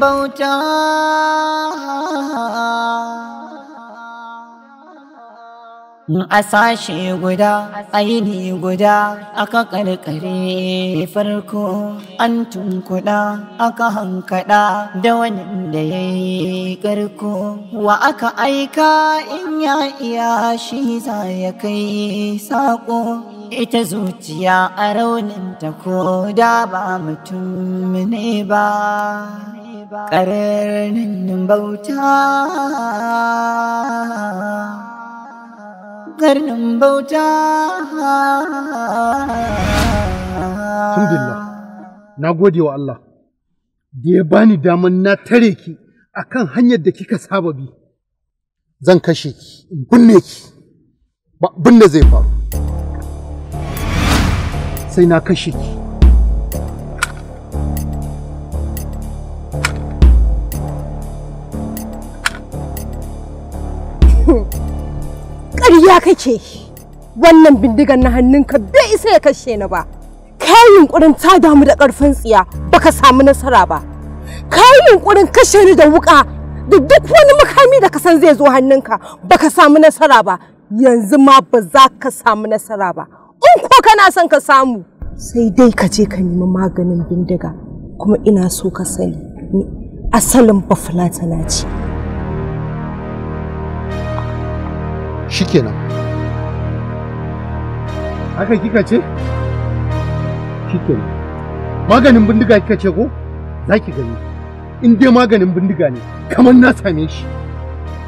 bauta a sashe guda aini guda aka karkare farko an tunkuɗa aka hankaɗa da wani da ya yi karko wa aka aika in ya iya shi za ya kai saƙo ita zuciya a raunin ta ko da ba mutum ne ba ƙararrenin bauta ƙarnin bauta alhamdulillah na gode wa Allah da ya bani daman na tare ki akan hanyar da kika saba bi zan kashe ki in binne ki ba binne zai faru sai na kashe ki kashe wannan bindigan na hannunka bai isa ya kashe ni ba ka yunkurin ta damu da karfin tsiya baka samu nasara ba ka yunkurin kashe ni da wuka da duk wani makami da ka san zai zo hannunka baka samu nasara ba yanzu ma ba za ka samu nasara ba in ko kana son ka samu sai dai ka je ka nemi maganin bindiga kuma ina so ka sani ni asalin bafulatana ce shikenan haka kika ce Kike maganin bindiga kika ce ko za ki gani in dai maganin bindiga ne kamar na same shi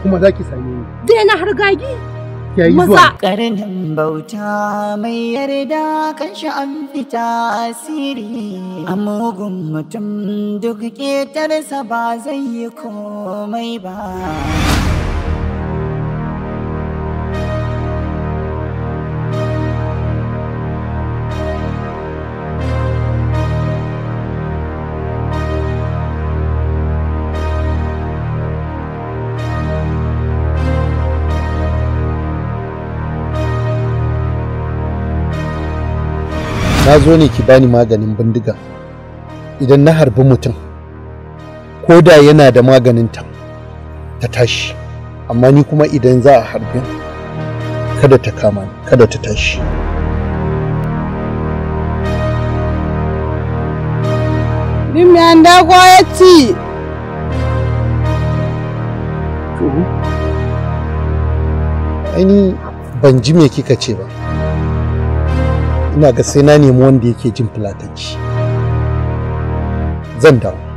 kuma za ki same ni dai na hargagi gagi. zuwa karanin bauta mai yarda kan shi an fita asiri a mugun mutum duk ƙetarsa ba zai yi komai ba na zo ne ki bani maganin bindiga idan na harbi mutum ko da yana da maganin ta ta tashi amma ni kuma idan za a harbi kada ta kama ni kada ta tashi Bimyanda gwayati Ani ban ji me kika ce ba ina ga sai na nemi wanda yake jin fulatanci zan dawo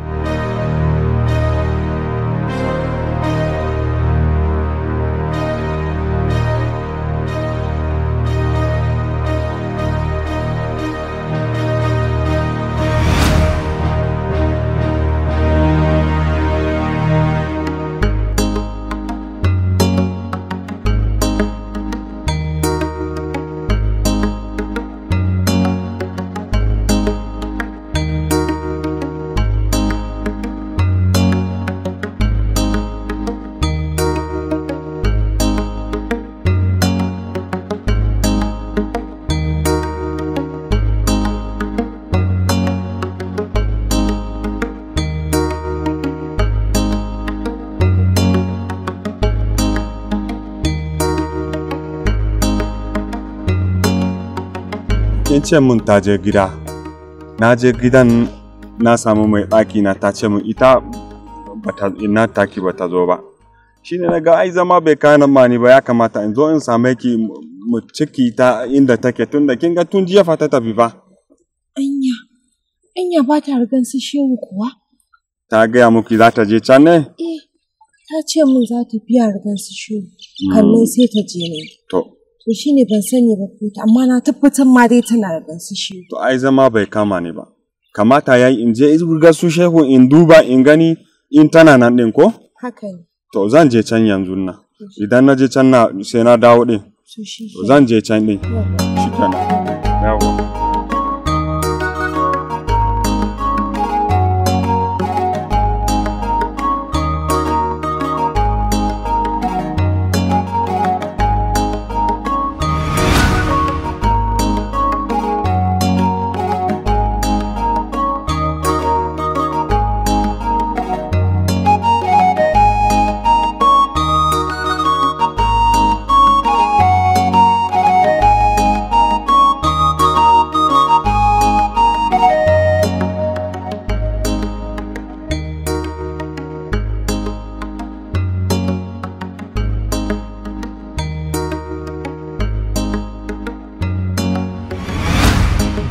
kin ce mun ta je gida na je gidan na samu mai ɗaki na ta ce mun ita ina taki bata zo ba shi ne na ga ai zama bai kayan mani ba ya kamata in zo in same ki mu ciki ta inda take tun da kin ga tun jiya fata ta bi ba anya anya ba ta rigan su shehu kuwa ta gaya muki za ta je can ne eh ta ce mun za ta biya rigan su shehu kallon mm. sai ta je ne to to shi ne ban sani ba ko amma na tabbatar ma dai tana da shi. to ai zama bai kama ni ba kamata yi in je ga su shehu in duba in gani in tana nan din ko haka ne to zan je can yanzu na idan na je can na sai na dawo din to zan je can din shi kana. Yawo.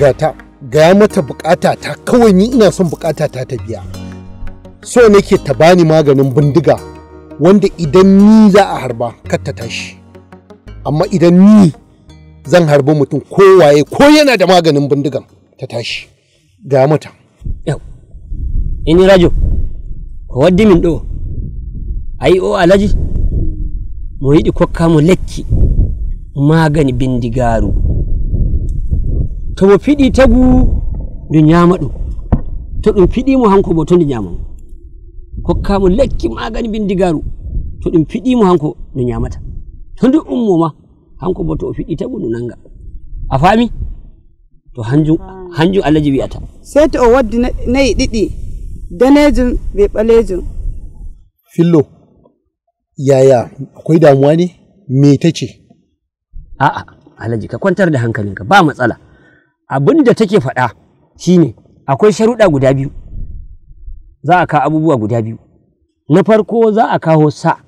gata gaya mata bukata ta kawai ni ina son bukata ta ta biya so nake ta bani maganin bindiga wanda idan ni za a harba kar ta tashi amma idan ni zan harbi mutum kowaye ko yana da maganin bindigan ta tashi gaya mata yau ini rajo ko waddi min ɗo ayi o alaji Mu yi kokka mu lekki magani bindigaru to mo fiɗi tagu ndu ñama ɗum to ɗum fiɗimo hanko bo to ndu nyama hokkamo lekki magani bindigaru to ɗum fiɗimo hanko ndu nyamata to ndu ummo ma hanko bo to o fiɗi tagu ndu nanga a faami to hanjum hanjum allahji wi'ata sey to o waddi nayi ɗiɗi danejum be ɓalejum fillo yaya akwai damuwa ne me ta ce a'a alhaji ka kwantar da hankalinka ba matsala abin da take faɗa shine akwai sharuɗa guda biyu za a kawo abubuwa guda biyu na farko za a kawo sa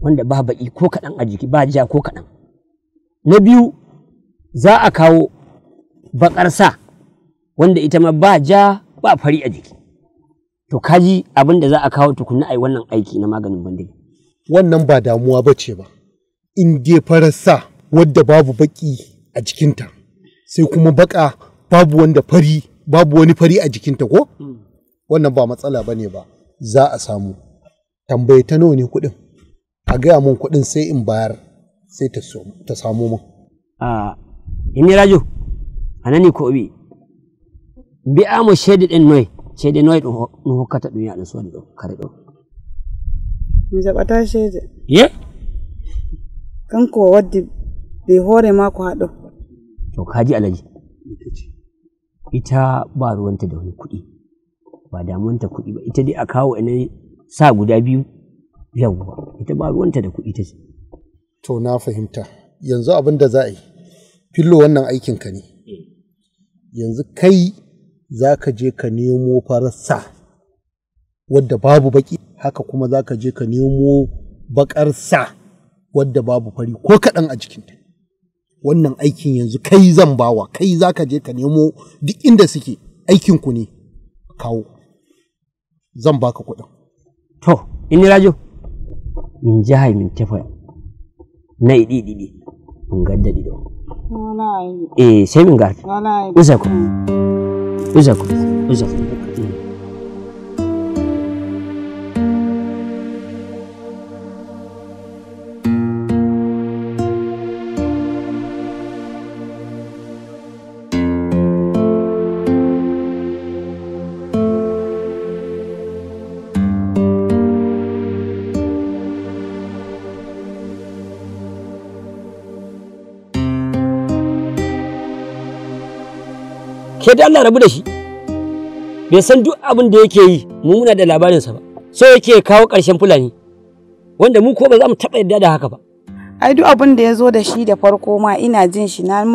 wanda ba baƙi ko kaɗan a jiki ba ja ko kaɗan na biyu za a kawo baƙar sa wanda ita ma ba ja ba fari a jiki to kaji abin da za a kawo tukunna a yi wannan aiki na maganin bandage wannan ba damuwa ba ce ba in dai farar sa wadda babu baƙi a jikinta sai kuma baka babu wanda fari babu wani fari a jikinta ko hmm. wannan ba matsala ba ne ba za a samu tambaye ta nawa ne kuɗin a gaya mun kuɗin sai in bayar sai ta samu mun a inni rajo anani ko bi bi mu shedi ɗin noy shedi noy din hukata ɗum yaɗum so waɗi ɗo kare ɗo zaba ta shede ye kanko waddi ɓe hoore maako ha ɗo to kaji alaji ita ba ruwanta da wani kuɗi ba damuwanta kuɗi ba ita dai a kawo ina sa guda biyu yawwa ita ba ruwanta da kuɗi ta to na fahimta yanzu abin da za a yi fillo wannan aikin ka ne eh. yanzu kai za ka je ka nemo farasa wadda babu baki haka kuma za ka je ka nemo bakar sa wadda babu fari ko kaɗan a jikinta wannan aikin yanzu kai zan bawa kai za ka je ka nemo duk inda suke aikinku ne kawo zan baka kuɗin. to ni rajo in ji haimin tafa na iɗi ɗiɗi in gadda ɗiɗo eh sai min garfi uzaku uzaku uzaku ke da Allah rabu da shi bai san duk abin da yake yi mu muna da labarinsa ba so yake kawo ƙarshen fulani wanda mu ko ba za mu taɓa yadda da haka ba ai duk abin da ya zo da shi da farko ma ina jin shi na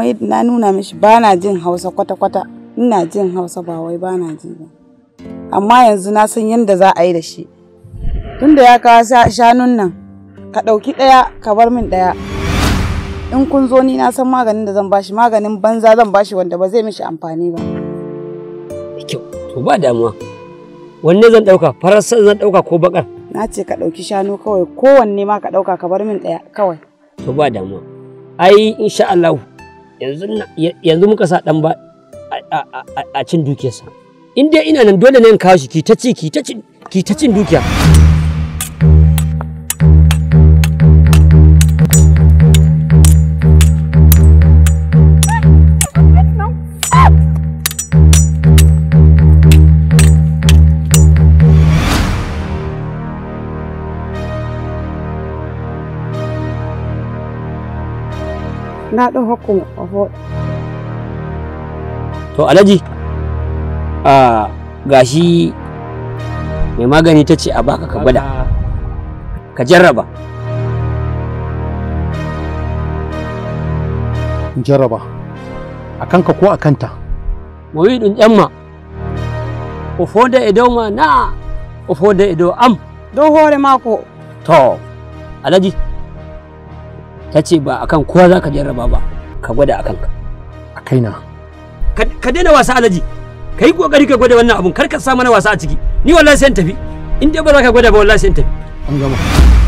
nuna mishi ba na jin hausa kwata-kwata ina jin hausa ba wai ba na ji amma yanzu na san yadda za a yi da shi tunda ya kawo shanun nan ka ɗauki ɗaya ka bar min ɗaya in kun zo ni na san maganin da zan bashi maganin banza zan bashi wanda ba zai mishi amfani ba kyau to ba damuwa wanne zan dauka farar zan dauka ko bakar na ce ka dauki shanu kawai kowanne ma ka dauka ka bar min daya kawai to ba damuwa ai insha Allah yanzu yanzu muka sa dan ba a cin dukiyarsa in dai ina nan dole ne in kawo shi ki ta ci ki ta ci ki ta cin dukiya na to alhaji a gashi mai magani ta ce a baka ka gwada ka jarraba jarraba a kanka ko a kanta muridin yamma ofo da ido ma na ofo da ido am don hore mako to alhaji ta ce ba akan kowa za ka jarraba ba ka gwada a ka a kaina ka daina wasa alaji ka yi kokari ka gwada wannan abun kar ka sa mana wasa a ciki ni wallahi sai in tafi in dai ba za ka gwada ba wallahi sai in tafi an gama